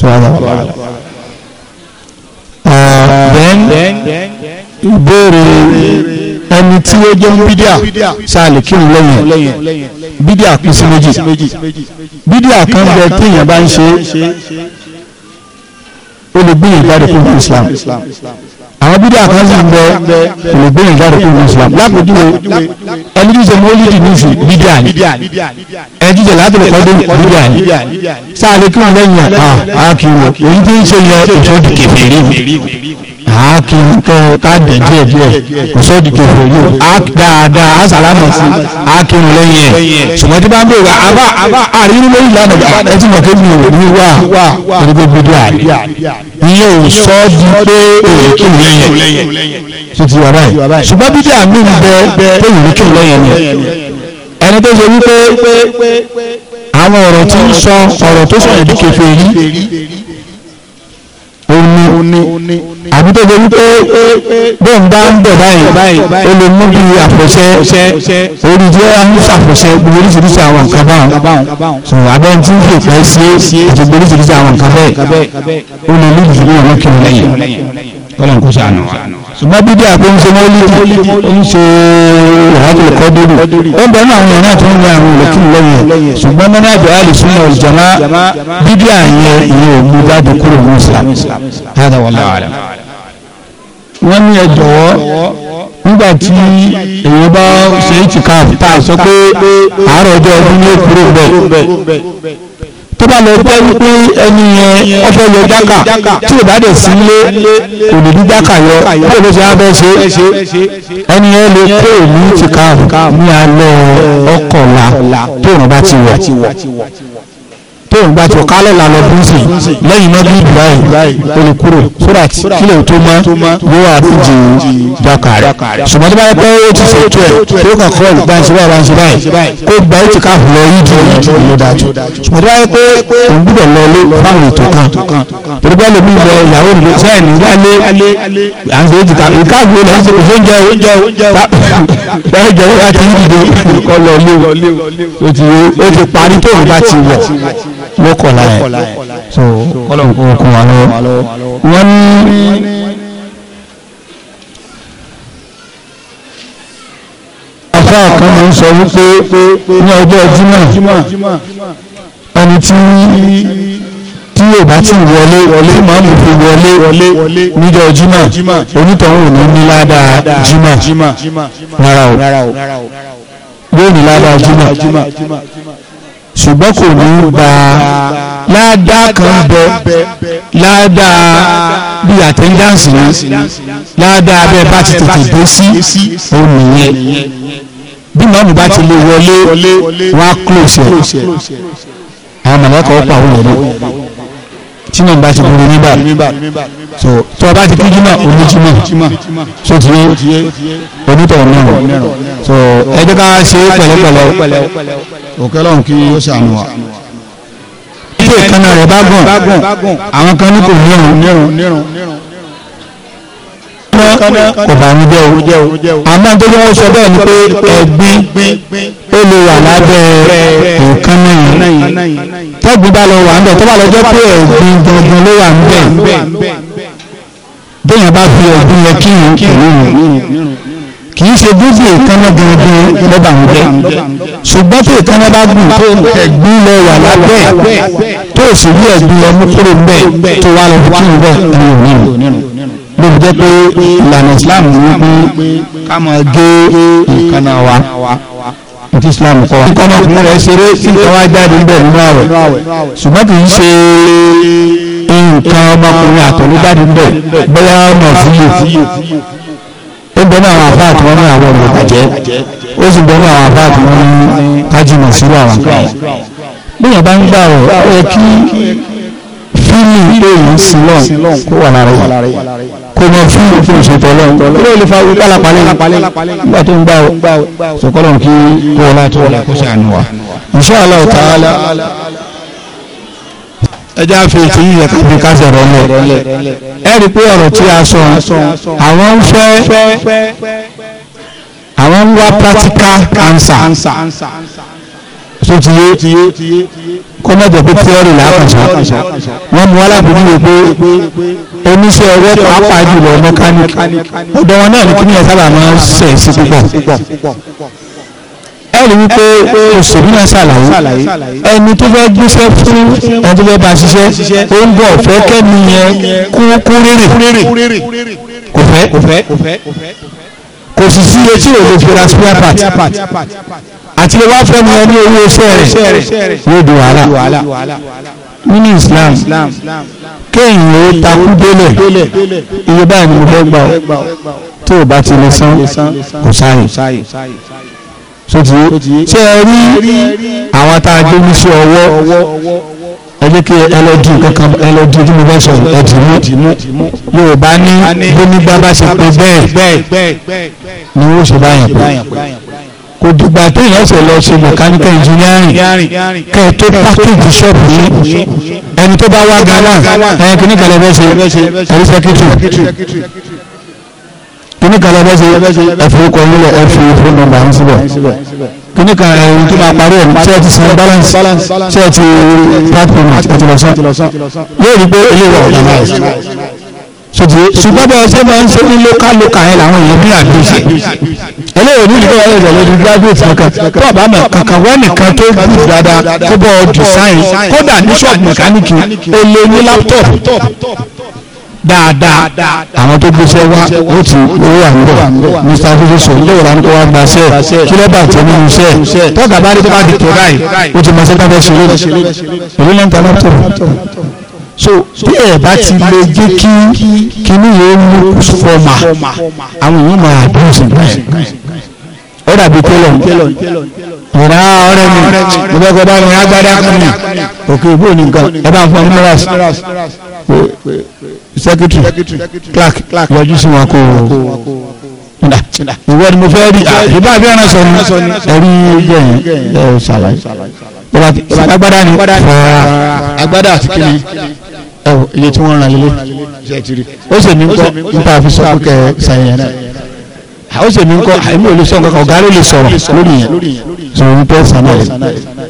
sọ wà lọ. then ìbéèrè ẹni tí ó jẹ́ bídíà sáàlì kí n lẹ́yìn bídíà kù sí méjì bídíà kan bẹ téèyàn bá ń ṣe ó lè gbìyànjú jáde kó ní Islam àwọn bídà kan sì ń bẹ kò lè gbìyànjú jáde kó ní Islam lápòjúwe ẹni tí ń ṣe mọ́lídì ní ìsìn bídà ni ẹni tí ń ṣe látòlù kọ́dún bídà ni sáà lè kí wọn lẹ́yìn àá kí wọn èyí tí ń ṣe yẹ òṣèlú kèfèrí àákí nǹkan káàdì díẹ̀ díẹ̀ kò sọ di kẹfẹ yìí àákí dáadáa àsàlámù sí àákí ń lẹ́yìn ẹ ṣùgbọ́n tí bá ń bèèrè àbá àbá àrínú lórí ìlànà ẹ ti mọ̀ Mi ò ní wà torí gbogbo díà ìyẹn ò sọ di pé òye kí n lẹ́yìn títí wà báyìí ṣùgbọ́n bí díà mí ń bẹ pé òye kí n lẹ́yìn ni ẹni tó ṣe wípé àwọn ọ̀rọ̀ tí ń sọ ọ̀rọ̀ tó sọ ìdíkẹfẹ yìí ni àbí tó ṣe wípé bóun bá ń bọ̀ báyìí ó lè mú bí àfọ̀ṣẹ́ orí jẹ́ àmúṣàfọ̀ṣẹ́ gbogbo oríṣiríṣi àwọn nǹkan báwọn sọ abẹ́ tí ń fèèfé sí ètò gbogbo oríṣiríṣi àwọn nǹkan bẹ́ẹ̀ ó lè lóògùn ní ọ̀rọ̀ kìnnìyàn lọ́lọ́run kó ṣàánú wa ṣùgbọ́n bíbí àpò ń ṣe mọ́lìdì ń ṣe ìwádìí kọ́dúrì ó ń bẹ̀rù àwọn èèyàn tó ń yan àwọn olùkí lẹ́yìn ṣùgbọ́n mẹ́rin àjọ àlè súnmọ́ ìjọba bíbí àyẹn ìyẹn ò mú jáde kúrò ní Islam hádà wallahu a'lam. wọ́n ní ẹ jọ̀wọ́ nígbà tí èèyàn bá ṣe é tìka tá a sọ pé àárọ̀ ọjọ́ ọdún yóò kúrò bẹ́ẹ̀ tó bá lọ jẹ́ wípé ẹni yẹn ọfẹ́ yọ jáka tí ò bá dẹ̀ sí ilé kò lè ní jáka yọ báwo ló ṣe á bẹ́ẹ̀ ṣe ẹni yẹn lè kó ìlú tìka ní alẹ́ ọkọ̀ọ̀la tó ìrànbá ti wọ̀ tó ń gba tó kálẹ̀ lànà bùnsìn lẹ́yìn náà bí ibrahim olùkúrò surat kílẹ̀ tó mọ́ yóò wá fújì dàkà rẹ̀ ṣùgbọ́n tó bá yẹ pé ó ti ṣe tó ẹ̀ tó kàn kọ́ olùgbà ń ṣubá ìbáṣe báyìí kó gba ó ti ká lọ yí di ìlú dájú ṣùgbọ́n tó bá yẹ pé òun gbúdọ̀ lọ ilé fáwọn ètò kan torí bá lè mú lọ ìyàwó mi sẹ́yìn nígbàlé à èjìká ìkáàgbé lọ́kọ̀lá ẹ̀ so kọ́lọ̀n kó kún wa lọ́wọ́ wọ́n ní afá kan máa ń sọ wípé ní ọjọ́ Jímọ̀ ẹni tí tí yóò bá ti wọlé wọlé máa mú fi wọlé níjọ́ Jímọ̀ onítọ̀hún ò ní ní ládàá Jímọ̀ rárá o yóò ní ládàá Jímọ̀ ṣùgbọ́n kò ní gba ládàá kan bẹ ládàá bí àtẹ́ńdáǹsì ni ládàá bẹ́ẹ̀ bá ti tètè dé sí òun nìyẹn bí mọ́mù bá ti lè wọlé wọn á close ẹ̀ àwọn mọ̀lẹ́kọ̀ọ́ pàwọn ẹ̀rọ tí náà bá ti gbóni nígbà so tí wọ́n bá ti kí jimá oníjimá so ti yé onítọ̀ mẹ́rin so ẹ jẹ́ ká ṣe pẹ̀lẹ́pẹ̀lẹ́ òkè lọ́hùn kí ó ṣàánú wa tí èkánná rẹ̀ bá gùn àwọn kan ní kò nírun kò bá ń jẹ́ o àmọ́ tó yẹ wọ́n sọ bẹ́ẹ̀ ni pé ẹ̀gbin ó lè wà lábẹ́ nǹkan náà tọ́gbìn bá lọ wà ń bẹ̀ tó bá lọ jẹ́ pé ẹ̀gbin gbọ̀ngàn ló wà ń bẹ̀ bẹ́ẹ̀ bá fi ẹ̀gbin yẹ kí n kìrìnrìn kì í ṣe dúdú ìkànnà gbọ̀ngàn lọ́ba ń bẹ̀ ṣùgbọ́n tó ìkànnà bá gùn tó ẹ̀gbin lọ wà lábẹ́ tó sì rí ẹ̀gbin lọ mú kúrò ń bẹ̀ tó wà lọ́ba kí n bẹ̀ ní òní ló fi jẹ́ pé ìlànà Islam ní pé ká máa gé ìkànnà wa ti islam kọ́ wa. kọ́mọ fún rẹ̀ ṣeré kí nǹkan wá jáde ń bẹ̀ nínú àwẹ̀ ṣùgbọ́n kì í ṣe nǹkan ọmọkùnrin àtọ̀lújáde ń bẹ̀ bóyá ọmọ fúyè ó bẹ náà àwọn àfáà tí wọ́n ní àwọn ọmọ ìbàjẹ́ ó sì bẹ náà àwọn àfáà tí wọ́n ní kájìmọ̀ sílò àwọn kan bóyá bá ń gbà ọ ẹ kí fíìmù pé òun sílọ̀ kó wà lára yìí kò mọ fún òfin òṣètò ọlọ́run kí ló lè fa wípé alápalẹ̀ nígbà tó ń gbà ó sọkọlọ́n kí kó o láti wọlé kó ṣàánú wa insha Allah ta'ala ẹjẹ́ àfi ètò yíyẹ tàbí kásẹ̀ rọ lẹ̀ ẹ rí i pé ọ̀rọ̀ tí a sọ àwọn ń fẹ́ àwọn ń wá practical answer tó ti yé kó má jẹ́ pé tíọ́rì làákàṣà wọ́n mú alábòójú rẹ̀ pé oníṣẹ́ ọwọ́ pàápàá jùlọ mẹkáníkì ọ̀dọ̀ wọn náà ní kí nìyẹn sábà máa ń ṣẹ̀ sí púpọ̀ ẹ̀rí wípé òṣèlú náà ṣàlàyé ẹni tó fẹ́ gbéṣẹ́ fún ẹni tó fẹ́ bá ṣiṣẹ́ ó ń bọ̀ fẹ́ kẹ́mi yẹn kú rírì kò fẹ́ kò sì sí etí òde fira spare part àti lè wá fẹ́ mi ọ ní owó iṣẹ́ rẹ̀ yóò di wàhálà nínú Islam kéèyàn ó takú délẹ̀ iye báyìí ni mo fẹ́ gbà ó tí ò bá ti lè san kò sáyè sotí tí ẹ rí àwọn tá a gbé ní sí ọwọ́ ẹ kí ẹlọ́dún kankan ẹlọ́dún tí mo fẹ́ sọ ẹ̀dìmú yóò bá ní bónígbà bá ṣe pé bẹ́ẹ̀ ni ó ṣe báyàn pé kò dìgbà téèyàn ṣe lọ ṣe mechanical engineering kẹ tó package shop yìí ẹni tó bá wá gánà ẹ kìíní kalẹ̀ bẹ́ ṣe ẹ̀rí secretary kìíní kalẹ̀ bẹ́ ṣe ẹ̀fọ́kọ̀ nílẹ̀ ẹ̀fọ́ phone number ń síbẹ̀ kìíní kan ẹ̀rù tó máa parí ẹ̀rù tí ẹ ti san balance tí ẹ ti platform àti lọ́sàn yóò rí pé ilé ìwà ọ̀dà náà ṣùgbọ́n bá ọṣẹ́ máa ń ṣe ní lókà lókà yẹn làwọn èèyàn bí àgbèsè eléyìí ní ìgbà yẹn lọ lórí graduate nìkan tó ọba mọ kankan wọn nìkan tó gbù dáadáa kó bọ design kódà ní shop mẹkáníìkì ó ní laptop dáadáa àwọn tó gbéṣẹ́ wá ó ti owó àmúrò mr fífísọ léwòrán tó wá gba sẹ́ẹ̀ kí ló bá tẹ̀ nínú sẹ́ẹ̀ tọ́gà bá rí tó bá di tó báyìí ó ti mọ sẹ́ẹ̀ tó bá fẹ́ laptop so bí ẹ bá ti lè jẹ́ kí kíní yẹn mú fọmà àwọn èèyàn máa dùn sí bẹ́ẹ̀ ó dàbí tẹ́lọ̀ ìrà ọ̀rẹ́ mi ìbẹ́kọ̀ bá mi agbádá kan mi òkè ìbò nìkan ẹ bá ń fọ numerous secretary clerk yọjú sí wọn kó ìwọ ni mo fẹ́ rí ah, ìbá bí ẹran sọ ni ẹ̀rí yẹn ẹ̀ ṣàlàyé ìbá agbádá ni agbádá àti kíni ẹ wò iye tí wọ́n ràn lélẹ̀ ó sì mí kọ́ nípa àfisọ́ kẹ sàyẹn náà ó sì mí kọ́ àìmí ò lè sọ nǹkan kan ọ̀gá ló lè sọ̀rọ̀ lórí yẹn sọ̀rọ̀ ní pẹ́ sànà rẹ̀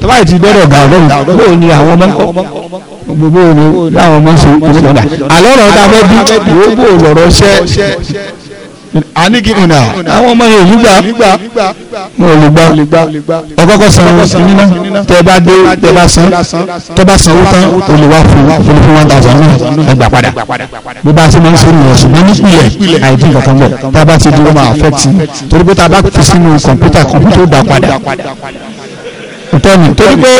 tọ́ba yìí ti gbọ́dọ̀ gbà ọ̀dọ́ mi bó o ní àwọn ọmọ kọ́ gbogbo o ní láwọn ọmọ ṣe ìpínlẹ̀ náà àlọ́ ọ̀rọ̀ ta fẹ́ bí gbogbo ọ̀rọ̀ ṣẹ́ anigihuna àwọn ọmọ yẹn olùgbà wọn olùgbà ọgọgọ san nínú tẹ bá dé tẹ bá san tẹ bá sanwó tán olùwà fún fún one thousand náà ẹ gbà padà bí bá a ṣe máa ń ṣe nìyẹn ṣùgbọ́n ní ìpìlẹ̀ àìdí nǹkan kan bọ̀ tá a bá ti dúró máa fẹ́ tì torí pé tá a bá fi sínú kọ̀ǹpútà kọ̀ǹpútà ó dà padà tọ́ni torí pé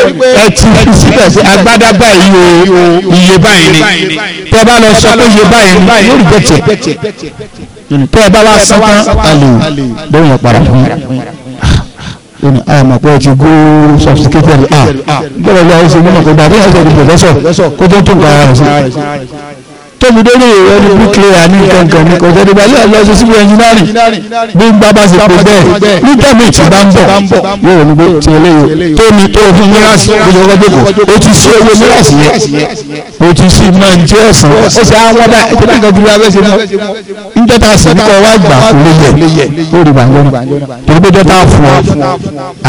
ẹ ti fi síbẹ̀ sí agbádá báyìí o iye báyìí ni tẹ́ bá lọ sọ pé iye báyìí ni yóò rí tẹ́ ẹ bá wá sátán alè lóyún ọ̀pára fún yìí àmọ́ ah, pé ti gó sọfisikẹ́tẹ̀rì à gbọ́dọ̀ bí a ṣe mọ́nà kó dàbí ẹ̀ṣẹ̀ kò pẹ̀lẹ́sọ̀ kó tó tó nǹkan ara rẹ̀ sí tóbi dórí ìwé ní bíkìlẹ̀yà ní kankan ní kọjá nígbà yóò lọ sí síbi ẹnjìnárì bí n bá bá ṣe pé bẹ́ẹ̀ nígbà míì tí bá ń bọ̀ yóò ní bó ti eléyìí tó ní tó fún mírasì lójú ọkọ̀ jókòó ó ti sí owó mírasì yẹn ó ti sí máa ń jẹ́ ẹ̀sán ó sì àwọn ọba ẹ̀jẹ̀ náà kan dúró abẹ́sẹ̀ mọ́ ń dọ́ta sí ní kọ́ wá gbà kó lè yẹ ó rí bàjẹ́ torí pé dọ́ta fún wa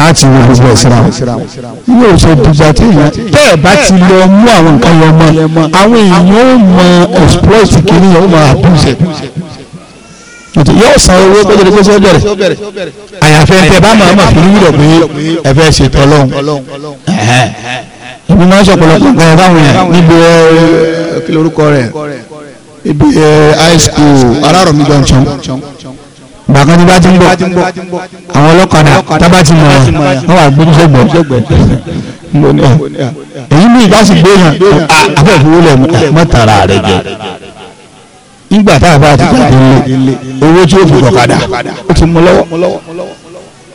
á ti wọ gbogbo ẹ̀sìn àwọn yóò ṣe dùgbà tí èèyàn tẹ́ẹ̀ bá ti lọ mú àwọn nǹkan lọ mọ́ àwọn èèyàn ó mọ exploit kìíní yẹn ó máa abuse yóò san owó kó jẹrẹ kó sọ bẹ̀rẹ̀ àyàfẹ́ tẹ bá máa ma fi wúlò pé ẹ fẹ́ ṣe tọ́lọ́hún ibi máa ń ṣọ̀pọ̀lọpọ̀ nǹkan báwọn yẹn níbi kí lorúkọ rẹ̀ ibi high school alárọ̀mí junction gbàkan ní bá ti ń bọ̀ àwọn ọlọ́kadà tábà ti mọ̀ ẹ̀ wọ́n wà gbódúsẹ́gbọ̀ èyí ní ìdásí gbóyàn abẹ́fowólẹ̀ mọ́tara rẹ̀ jẹ́ nígbà tá a bá ti jáde nílé owó tí ó fi lọ́kadà ó ti mú lọ́wọ́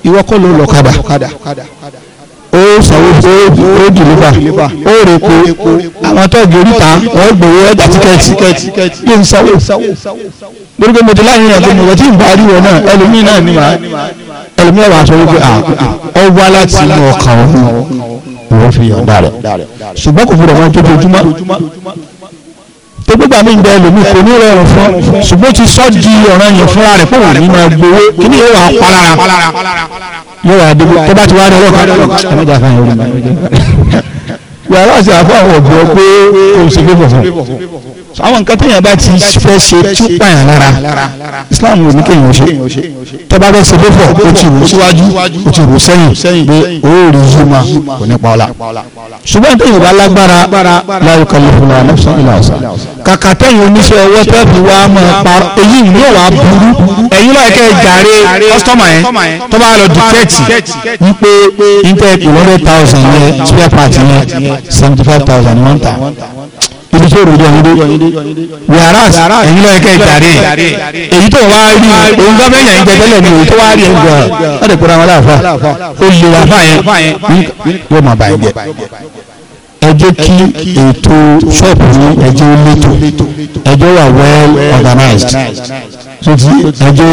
ìwọ kọ́ ló lọ́kadà ó sanwó tó ó dìlífà ó rèpo àwọn tọ́ọ̀gì oríta wọ́n gbowó ọjà tíkẹ́ẹ̀tì bí n sanwó lórí pé mo ti láyé ìrìn àjò mi wọ́n ti ń bá rí wọn náà ẹlòmíín náà ni màá ẹlòmíín wàá sọ wípé ọ wá láti inú ọkàn òun wọ́n fi yọ̀ǹda rẹ̀ ṣùgbọ́n kò gbọdọ̀ máa jókòó ojúmọ́ tó gbégbá mi ń bẹ ẹlòmí kò ní rọrùn fún ṣùgbọ́n ti sọ di ọ̀ràn yẹn fúnra rẹ̀ pé òun ní máa gbowó kí ni yóò wá palára yóò wá dégbò tó bá ti wá ní ọlọ́ọ̀ká [laughs] yàrá àti àfáà wọ̀ bí ọ pé òun ṣe fẹ́ àwọn nǹkan téèyàn bá ti fẹ́ ṣe tún pààyàn lára islam ò ní kéèyàn ṣe tọ́ba bẹ́ẹ̀ ṣe lófò ó ti rò síwájú ó ti rò sẹ́yìn pé òórì yìí ma kò ní pa ọ́la ṣùgbọ́n téèyàn bá lágbára la yukallifu nafsan illa wus'aha kàkà téèyàn oníṣẹ́ ọwọ́ tẹ́ẹ̀fù wa máa pa èyí ni yóò wá burú ẹ̀yin náà kẹ́ ẹ jàre kọ́sítọ́mà yẹn tó bá lọ dìtẹ́tì wípé intanet one hundred thousand yẹn spare part yẹn seventy five thousand one thousand ibi tí òròjọ yín dé wíárás ẹ̀yin lọ́yẹ kẹ́ ìtàrí èyí tó wá rí òun gbọ́dọ̀ yàn jẹ tẹ́lẹ̀ ní èyí tó wá rí ẹ̀ gbọ́dọ̀ wọ́n ti kura wọn láàfà ó lè wà fà yẹn yóò máa bá yẹn ẹ jẹ́ kí ètò ṣọ́ọ̀bù yín ẹ jẹ́ ó létò ẹ jẹ́ wà well organized tuntun ẹjọ́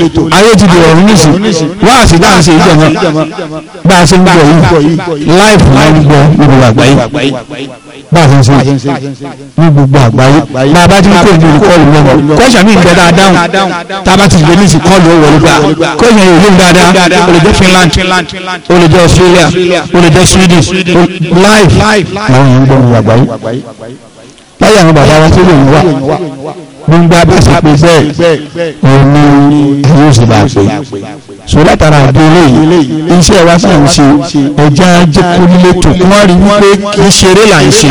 létò ayé ti di ọ̀run nísì wá sí bá a ṣe ìjọba bá a ṣe ń gbọ́ yìí láìpù máa ń gbọ́ gbogbo àgbáyé bá a ṣe ń ṣe ní gbogbo àgbáyé bá a bá ti ń pè ní kọ́ọ̀lù lọ́wọ́ kọ́ṣà mi ń bẹ dáadáa tá a bá ti lè ní sí kọ́ọ̀lù wọlé gbà kọ́ṣà yóò lé dáadáa ó lè jẹ́ Finland ó lè jẹ́ Australia ó lè jẹ́ Sweden live làwọn yẹn ń gbọ́ ní àgbáyé láyé àwọn bàbá wa tó lè ń wà gbogbo abẹ́sẹ̀ pé bẹ́ẹ̀ òní yóò sì bá pè so látara àdúró yìí iṣẹ́ wa sì ń ṣe ẹja ajẹ́kúlétò wọ́n rí wípé kì í ṣeré là ń ṣe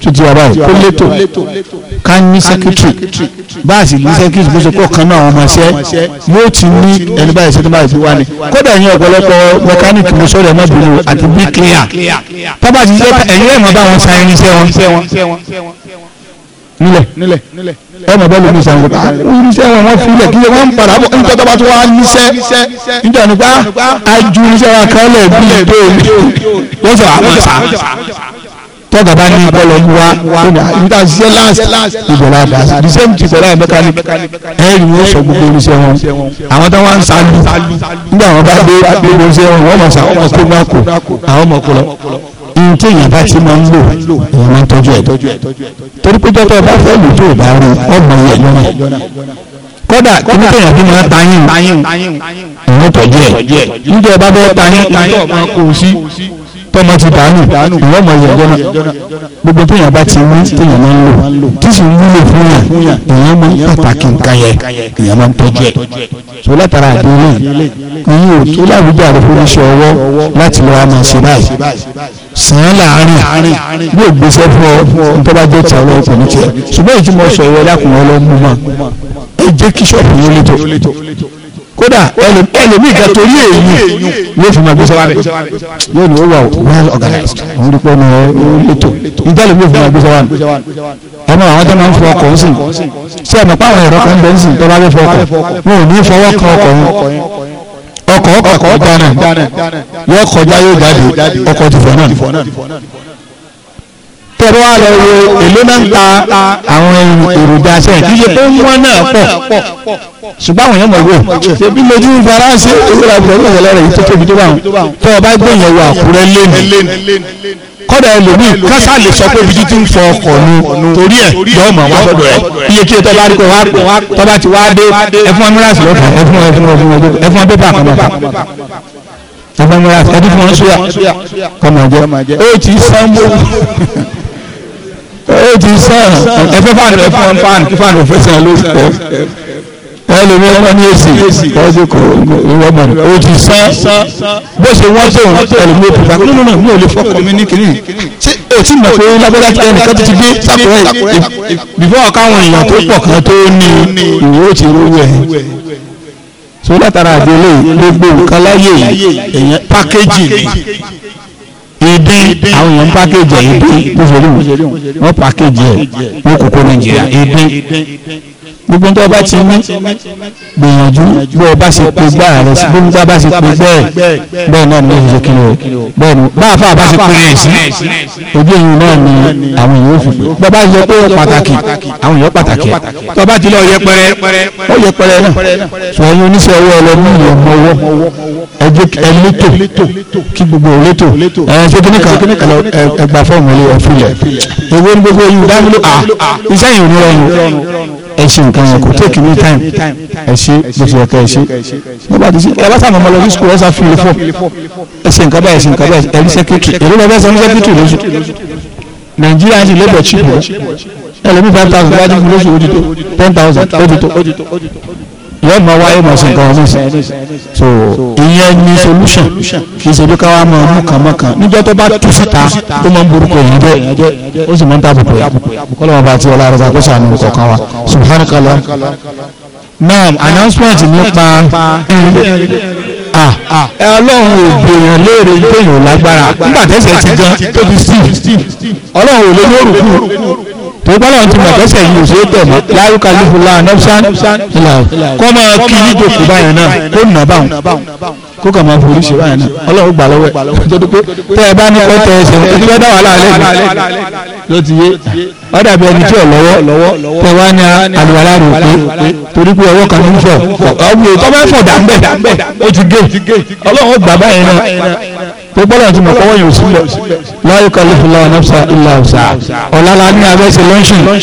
tuntun ọba yìí kó létò ká ní sẹkítírì báàsì ní sẹkítírì bó ṣe kó kan náà ọmọ ṣẹ yóò ti ní ẹni báyìí ṣe tó báyìí ti wá ni kódà ẹ̀yin ọ̀pọ̀lọpọ̀ mẹkáníìkì mo sọ̀rọ̀ ẹmọ bìnú àti bí kílíà tọ́ba ti ṣe ẹ̀yin ẹ̀mọ́ bá wọn sa nílẹ̀ ọmọ bẹ́ẹ̀ lómi sàn nípa irinṣẹ́ wọn wọ́n fi ilẹ̀ kí wọ́n ń padà bọ̀ nígbà tó bá tó wá níṣẹ́ níjọ nípa ajú irinṣẹ́ wa kan lẹ̀ bí ètò wọ́n sọ àwọn sà tọ́gà bá ní bọ́ọ̀lù wa níta ṣiṣẹ́ last ìbọ̀lá dà sí the same thing bọ́lá ẹ̀mẹ́ka ni ẹ̀rì wọ́n sọ gbogbo irinṣẹ́ wọn àwọn tó wá ń sálù nígbà wọn bá dé irinṣẹ́ wọn wọ́n mọ̀ sá ọmọ kó má kó àwọn ọmọ kó lọ tí èèyàn bá ti máa ń lò èèyàn máa ń tọ́jú ẹ̀ torí pé jọ́tọ̀ bá fẹ́ lò tó bá rí ọgbọ̀n yẹ̀ lọ́nà kódà kí tó yàn kí máa tayín ìwọ́n tọ́jú ẹ̀ níjẹ́ bá bẹ́ẹ̀ tayín ìwọ́n máa kó o sí tọmọ ti dànù ìwọ́n máa yẹ̀ lọ́nà gbogbo tó yàn bá ti wí tó yàn máa ń lò tí sì ń wúlò fún yàn èèyàn máa ń pàtàkì nǹkan yẹ èèyàn máa ń tọ́jú ẹ̀ so látara àdéhùn yìí ò tó láwùjọ àrùn fún iṣẹ́ ọwọ́ láti lọ́wọ́ máa ṣe báyìí sàn án láàárín bí ò gbèsè fún ọ tó bá jẹ́ tàwọn ọkọ̀ ní tiẹ̀ ṣùgbọ́n èyí tí mo sọ ìwọ lákùnrin ọlọ́mú mọ́ ẹ jẹ́ kí ṣọ́ọ̀bù yín létò kódà ẹlòmíì kan torí èyí yóò fi máa gbé sọ́wọ́ rẹ̀ yóò ní ó wà well organized àwọn olùkọ́ ní ọ̀rọ̀ ètò ìjà lèmi ò fi máa gbé sọ́wọ́ rẹ̀ ọmọ àwọn tó máa ń fọ ọkọ̀ ń sìn sí ọ̀nà pàwọn ẹ̀rọ kan bẹ́ẹ̀ ń sìn tó bá fẹ́ fọ ọkọ̀ wọn ò ní ọkọ̀ kọjá náà yóò kọjá yóò jáde ọkọ̀ tìfọ̀ náà tẹ̀rọ àlọ́ wo èló náà ń ta àwọn èròjà ṣe ìdíje tó ń wọ́n náà pọ̀ ṣùgbọ́n àwọn èèyàn mọ̀ wò ṣebí lójú faransé ìwúra ìfọwọ́ ìṣẹ̀lẹ̀ rẹ̀ yìí tó tóbi tó bá wọn tọ́ ọ bá gbé yẹn wọ àkúrẹ́ lẹ́nu kọ́dà ẹlòmíì kásá lè sọ pé ibi títí ń fọ ọkọ̀ nu torí ẹ̀ yọ ọmọ wọn sọ́dọ̀ ẹ̀ iye kí o tọ́ bá rí kó wá tọ́ bá ti wá dé ẹfún amúrasì lọ́fà ẹfún ẹfún ẹfún ẹfún pépà kan lọ́fà ẹfún amúrasì ẹdún fún wọn kọ́mọ̀ jẹ́ ó ti sanwó ó ti sàn ẹfẹ́ fáànù rẹ̀ fún fáànù kí sàn ló sọ wọ́n lè ní èsì ọdún kò wọ́n mọ̀ ní. o ti bó ṣe wọ́n tó ẹlòmíràn nínú náà mi ò lè fọkàn mi ní kiri ó ti mọ̀ pé lágbájá ẹnìkan ti ti gbé sàkúrẹ́ bíbọ́ káwọn èèyàn tó pọ̀ kan tó ní ìwé ó ti ẹ̀ so látara àdélé gbogbo nǹkan láyé èèyàn pákéjì ni ìdí àwọn èèyàn pákéjì ẹ̀ ìdí bó ṣe rí wọn pákéjì ẹ̀ wọn kókó Nàìjíríà ìdí gbogbo ń tọ́ bá ti ní gbìyànjú bí ọba ṣe pe gbáà rẹ sí gbogbo bá ṣe pe bẹ́ẹ̀ bẹ́ẹ̀ náà ní oṣù kìlọ̀ bẹ́ẹ̀ ni bá àfa àbá ṣe pe rẹ̀ sí ojú ìyún náà ni àwọn èèyàn fi pè bọ́ bá yẹ pé ó pàtàkì àwọn èèyàn pàtàkì ẹ̀ tọ́ bá ti lọ yẹpẹrẹ ó yẹpẹrẹ náà sọ ẹyin oníṣẹ́ owó ọlọ́mú ìyẹn mọ owó ẹ létò kí gbogbo létò ẹ ṣe kíní kan ẹgbà fọ́ọ̀mù ilé ọ̀fìlẹ̀ ewé ní gbogbo yìí dáhùn ẹ ṣe nǹkan yẹn kò take any time ẹ ṣe bó ti yẹ ká ẹ ṣe nígbà tí ṣe ẹ̀rọ sáà mọ̀mọ́ lọ sí school ẹ̀ sáà fìlè fọ́ ẹ ṣe nǹkan báyìí ẹ ṣe nǹkan báyìí ẹ rí secretary èrò lọ bẹ́ẹ̀ sọ ní secretary lóṣù nàìjíríà ti labour cheap ẹ lómi five thousand wájú fún lóṣù ojútó ten thousand ojútó yọ ma wá yọ ma sọ nǹkan ọmọ sí so ìyẹn ni solution kì í ṣe bí ká wá máa mú kàn mọ́ kàn níjọ́ tó bá tú síta ó máa ń burúkú èyí bẹ́ẹ̀ ó sì máa ń dábòbò yà kọ́lọ́ wọn bá ti ọlá rẹ̀ kó sànù kọ̀ọ̀kan wa subhanakala naam announcement nípa ẹ ah, ah, ọlọ́run ò gbèyàn léèrè gbèyàn lágbára nígbà tẹ́sẹ̀ ti gan tóbi steve ọlọ́run ò lè lórúkú tó gbọ́dọ̀ ti mọ̀ tẹ́sẹ̀ yìí òṣèré tẹ̀ mọ́ láyúkà lífúlá nọ́fṣán ìlà kọ́ máa kí níjòkó báyẹn náà kó nà báwọn kó kà máa forí ṣe báyẹn náà ọlọ́run gbà lọ́wọ́ ẹ̀ tó dúpé tẹ́ ẹ bá ní kọ́ tẹ ẹsẹ̀ ojú bá dá wà láàlẹ́ ló ti yé ọ̀dà bí ẹni tí ò lọ́wọ́ tẹ wá ní àlùwàlá rò pé torí pé ọwọ́ kan ń fọ̀ ọ̀gbìn tó bá fọ̀ tó gbọ́dọ̀ tí mo kọ́wọ́ yóò sílẹ̀ la yukallifu Allahu nafsan illa wus'aha ọ̀la la ní abẹ́sẹ̀ lọ́ńṣìn.